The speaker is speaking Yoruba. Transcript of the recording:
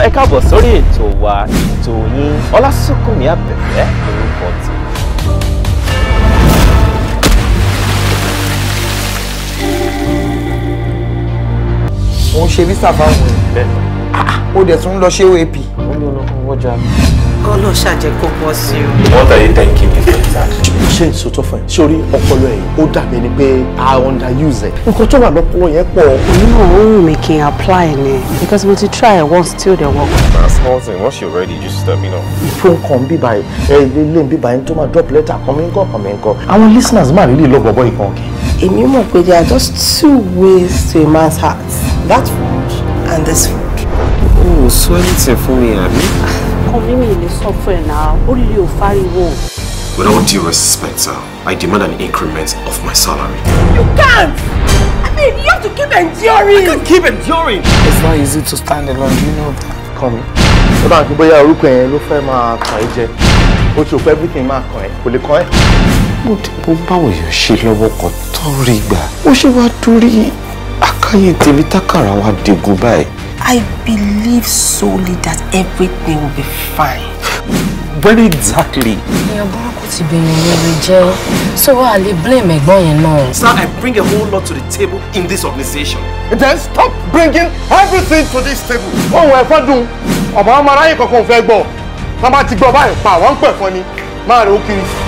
ẹ káàbọ̀ sórí ètò wa ètò yín ọlásùnkànmí àbẹ̀fẹ́ lórúkọ ti. òun ṣe visa fáwọn èèyàn ah, ah, ó dẹ̀ tún lọ ṣe oap. ó ní olókùn wọ́jà mi kọ́nà ṣàjẹ́ kó pọ̀ sí o. what are you thanking me for exactly. ṣé n sòtọ́ fún ẹ sórí ọpọlọ ẹ ó dàbí ẹni pé i underuse ẹ nǹkan tó wà lọ́pọlọ yẹn pọ̀. èmi náà ó wù mí kí n apply ni because mo ti try it once till they work. na small thing once you ready just let me know. ìfún kan bíbá ẹ ẹ ilé ilé bíbá ẹ tó máa drop letter kan mi ń kọ́ kan mi ń àwọn listeners máa rí lè lọ bọ̀bọ̀ ìkan kì. èmi mọ̀ pé there are just two ways to a man's heart that food and this food. o ò sọ anything fún mi àbí nǹkan With all due respect, sir, I demand an increment of my salary. You can't! I mean, you have to keep enduring! You can keep enduring! It's not easy to stand alone, you know that. Come. Ó dà pé bóyá orúkọ yẹn ló fẹ́ máa kàn ẹ́ jẹ. Ó ti rò pé everything máa kàn ẹ́, kò lè kàn ẹ́. Mo dìbò báwo yóò ṣe lọ́wọ́ kan tó rí gbà. Mo ṣe wá torí akáyé tèmi tákàrà wa dègùn báyìí. I believe solely that everything will be fine. Very exactly. Èèyàn burúkú ti bẹ̀rẹ̀ so a lè blame ẹ̀gbọ́n Sir, I bring a whole lot to the table in this organization. Then stop bringing everything to this table. Ohun ẹ̀fọ́ dùn, ọ̀bọ̀n ọmọ aráyè kankan ò fẹ́ gbọ́. Tá a bá ti gbọ́ báyìí pa àwọn ń pẹ̀ fún ni, máa rè ó kiri.